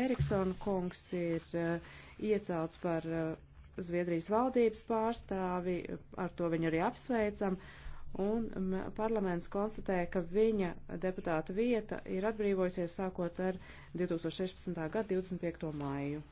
Eriksona kungs ir eh, iecelts par eh, Zviedrijas valdības pārstāvi, ar to viņu arī apsveicam, un parlaments konstatēja, ka viņa deputāta vieta ir atbrīvojusies sākot ar 2016. gada 25. māju.